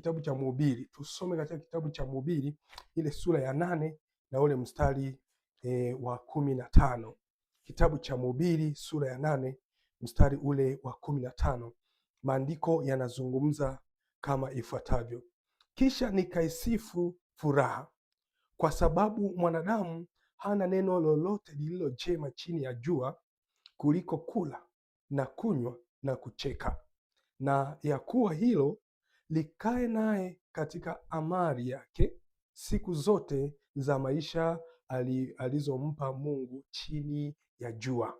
kitabu cha Mhubiri. Tusome katika kitabu cha Mhubiri ile sura ya nane na ule mstari e, wa kumi na tano. Kitabu cha Mhubiri sura ya nane mstari ule wa kumi na tano. Maandiko yanazungumza kama ifuatavyo: kisha nikaisifu furaha, kwa sababu mwanadamu hana neno lolote lililo jema chini ya jua kuliko kula na kunywa na kucheka, na ya kuwa hilo likae naye katika amari yake siku zote za maisha alizompa Mungu chini ya jua.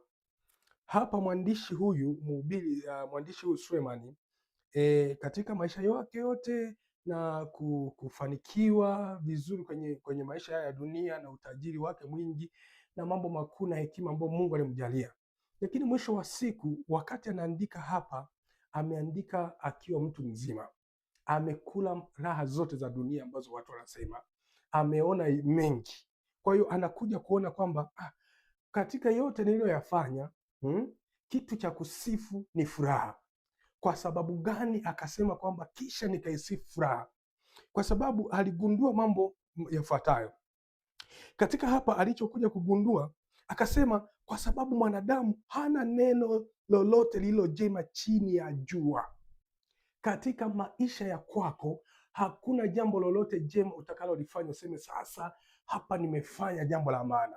Hapa mwandishi huyu mhubiri, uh, mwandishi huyu Sulemani e, katika maisha yake yote na kufanikiwa vizuri kwenye, kwenye maisha ya dunia na utajiri wake mwingi na mambo makuu na hekima ambayo Mungu alimjalia, lakini mwisho wa siku wakati anaandika hapa ameandika akiwa mtu mzima amekula raha zote za dunia ambazo watu wanasema, ameona mengi. Kwa hiyo anakuja kuona kwamba ah, katika yote niliyoyafanya, hmm, kitu cha kusifu ni furaha. Kwa sababu gani? Akasema kwamba kisha nikaisifu furaha, kwa sababu aligundua mambo yafuatayo katika hapa alichokuja kugundua akasema, kwa sababu mwanadamu hana neno lolote lililo jema chini ya jua katika maisha ya kwako hakuna jambo lolote jema utakalolifanya useme sasa hapa nimefanya jambo la maana.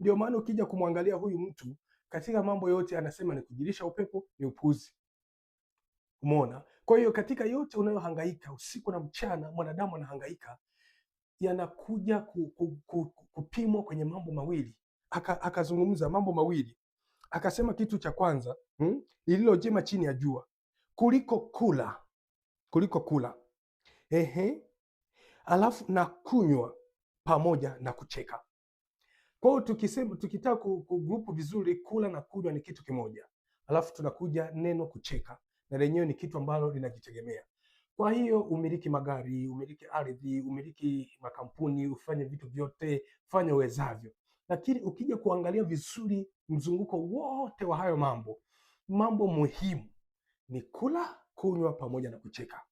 Ndio maana ukija kumwangalia huyu mtu katika mambo yote anasema ni kujilisha upepo, ni upuzi. Umeona? Kwa hiyo katika yote unayohangaika usiku na mchana, mwanadamu anahangaika, yanakuja ku, ku, ku, kupimwa kwenye mambo mawili. Akazungumza aka mambo mawili, akasema kitu cha kwanza, hmm, lililo jema chini ya jua kuliko kula, kuliko kula. Ehe, alafu na kunywa pamoja na kucheka. Kwa hiyo tukisema, tukitaka kugrupu vizuri, kula na kunywa ni kitu kimoja, alafu tunakuja neno kucheka, na lenyewe ni kitu ambalo linajitegemea. Kwa hiyo umiliki magari, umiliki ardhi, umiliki makampuni, ufanye vitu vyote, fanya uwezavyo, lakini ukija kuangalia vizuri mzunguko wote wa hayo mambo, mambo muhimu ni kula, kunywa pamoja na kucheka.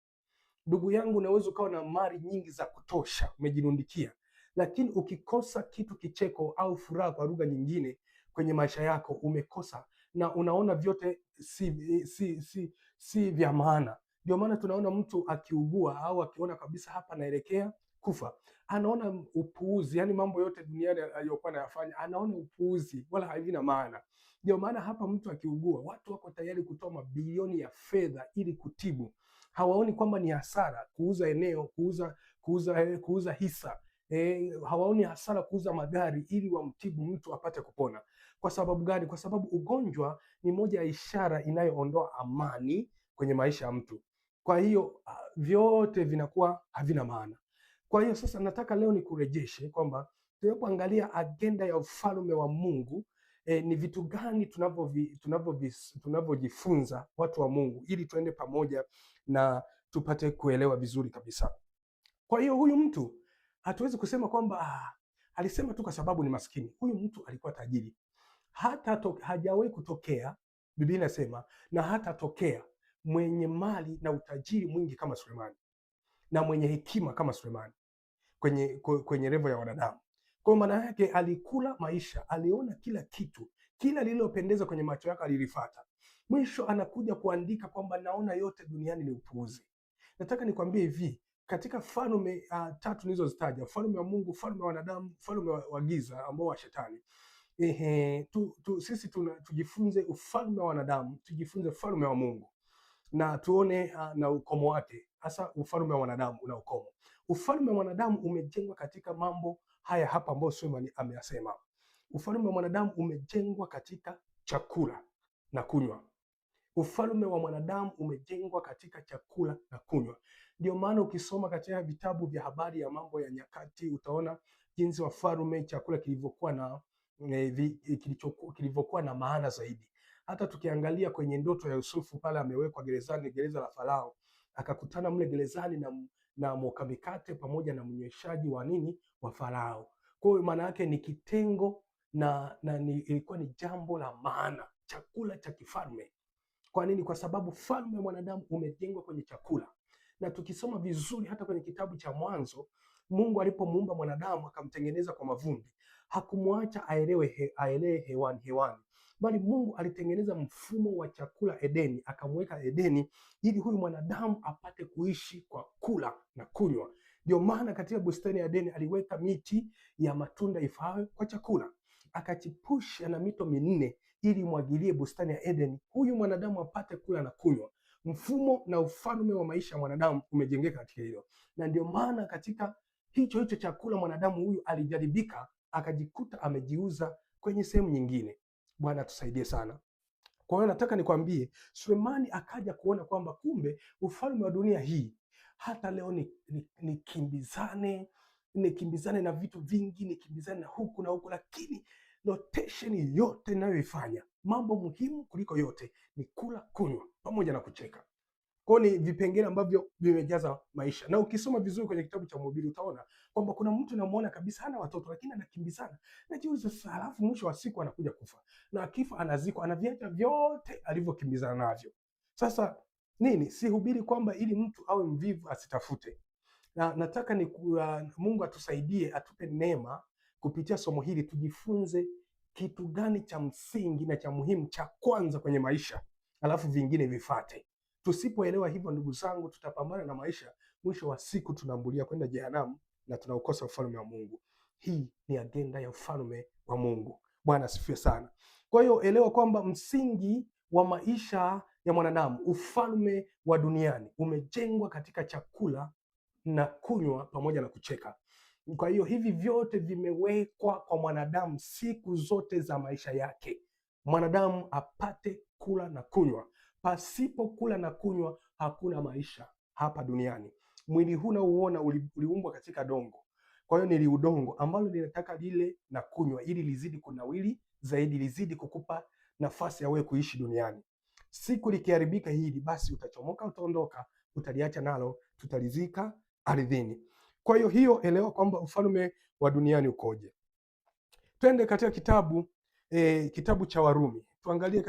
Ndugu yangu, unaweza ukawa na mali nyingi za kutosha, umejinundikia, lakini ukikosa kitu kicheko au furaha kwa lugha nyingine kwenye maisha yako umekosa, na unaona vyote si, si, si, si vya maana. Ndio maana tunaona mtu akiugua au akiona kabisa hapa anaelekea kufa. Anaona upuuzi, yani mambo yote duniani aliyokuwa anayafanya anaona upuuzi, wala havina maana. Ndio maana hapa mtu akiugua, watu wako tayari kutoa mabilioni ya fedha ili kutibu. Hawaoni kwamba ni hasara kuuza eneo, kuuza kuuza kuuza hisa E, hawaoni hasara kuuza magari ili wamtibu mtu apate kupona. Kwa sababu gani? Kwa sababu ugonjwa ni moja ya ishara inayoondoa amani kwenye maisha ya mtu. Kwa hiyo ah, vyote vinakuwa havina maana. Kwa hiyo sasa nataka leo nikurejeshe kwamba tunapoangalia agenda ya ufalme wa Mungu eh, ni vitu gani tunavyojifunza watu wa Mungu ili tuende pamoja na tupate kuelewa vizuri kabisa. Kwa hiyo huyu mtu hatuwezi kusema kwamba ah, alisema tu kwa sababu ni maskini. Huyu mtu alikuwa tajiri, hata hajawahi kutokea, Biblia inasema na hata tokea mwenye mali na utajiri mwingi kama Sulemani na mwenye hekima kama Sulemani kwenye, kwenye revo ya wanadamu. Kwa maana yake alikula maisha, aliona kila kitu, kila lililopendeza kwenye macho yake alilifata. Mwisho anakuja kuandika kwamba naona yote duniani ni upuuzi. Nataka nikwambie hivi katika falme uh, tatu nilizozitaja, falme ya Mungu, falme ya wanadamu, falme wa giza ambao wa shetani. Ehe, tu, tu, sisi tuna, tujifunze ufalme wa wanadamu, tujifunze falme wa Mungu na tuone uh, na ukomo wake, hasa ufalme wa wanadamu una ukomo. Ufalme wa wanadamu umejengwa katika mambo haya hapa ambayo Suleiman ameyasema. Ufalme wa mwanadamu umejengwa katika chakula na kunywa. Ufalme wa mwanadamu umejengwa katika chakula na kunywa. Ndio maana ukisoma katika vitabu vya habari ya mambo ya nyakati utaona jinsi wafalme chakula kilivyokuwa na eh, eh, kilivyokuwa na maana zaidi. Hata tukiangalia kwenye ndoto ya Yusufu pale amewekwa gerezani, gereza la Farao, akakutana mle gerezani na, na mwoka mikate pamoja na mnyweshaji wa nini wa Farao. Kwa hiyo maana yake ni kitengo na, na ni, ilikuwa ni jambo la maana, chakula cha kifalme. Kwa nini? Kwa sababu falme mwanadamu umejengwa kwenye chakula, na tukisoma vizuri hata kwenye kitabu cha Mwanzo, Mungu alipomuumba mwanadamu akamtengeneza kwa mavumbi, hakumwacha aelewe he, aelewe hewani hewani, bali Mungu alitengeneza mfumo wa chakula Edeni, akamweka Edeni ili huyu mwanadamu apate kuishi kwa kula na kunywa. Ndio maana katika bustani ya Edeni aliweka miti ya matunda ifaayo kwa chakula, akachipusha na mito minne ili imwagilie bustani ya Edeni, huyu mwanadamu apate kula na kunywa. Mfumo na ufalme wa maisha ya mwanadamu umejengeka katika hilo, na ndio maana katika hicho hicho chakula mwanadamu huyu alijaribika akajikuta amejiuza kwenye sehemu nyingine. Bwana atusaidie sana. Kwa hiyo nataka nikwambie, Sulemani akaja kuona kwamba kumbe ufalme wa dunia hii hata leo nikimbizane ni, ni nikimbizane na vitu vingi, nikimbizane na huku na huku, lakini notation yote inayoifanya mambo muhimu kuliko yote ni kula, kunywa pamoja na kucheka. Kwa ni vipengele ambavyo vimejaza maisha, na ukisoma vizuri kwenye kitabu cha Mhubiri utaona kwamba kuna mtu namuona kabisa hana watoto, lakini anakimbizana, najiuliza sasa, halafu mwisho wa siku anakuja kufa na akifa anazikwa, anaviacha vyote alivyokimbizana navyo. Sasa nini, sihubiri kwamba ili mtu awe mvivu asitafute, na nataka ni kuwa, uh, Mungu atusaidie atupe neema kupitia somo hili tujifunze kitu gani cha msingi na cha muhimu cha kwanza kwenye maisha, alafu vingine vifate. Tusipoelewa hivyo, ndugu zangu, tutapambana na maisha, mwisho wa siku tunaambulia kwenda jehanamu na tunaukosa ufalme wa Mungu. Hii ni agenda ya ufalme wa Mungu. Bwana asifiwe sana. Kwa hiyo elewa kwamba msingi wa maisha ya mwanadamu, ufalme wa duniani umejengwa katika chakula na kunywa pamoja na kucheka. Kwa hiyo hivi vyote vimewekwa kwa mwanadamu siku zote za maisha yake, mwanadamu apate kula na kunywa pasipo kula na kunywa hakuna maisha hapa duniani. Mwili huu nauona uliumbwa katika dongo, kwa hiyo nili udongo ambalo linataka lile na kunywa, ili lizidi kunawili zaidi, lizidi kukupa nafasi ya wewe kuishi duniani. Siku likiharibika hili, basi utachomoka, utaondoka, utaliacha nalo tutalizika ardhini. Kwa hiyo hiyo, elewa kwamba ufalme wa duniani ukoje. Twende katika kitabu e, kitabu cha Warumi tuangalie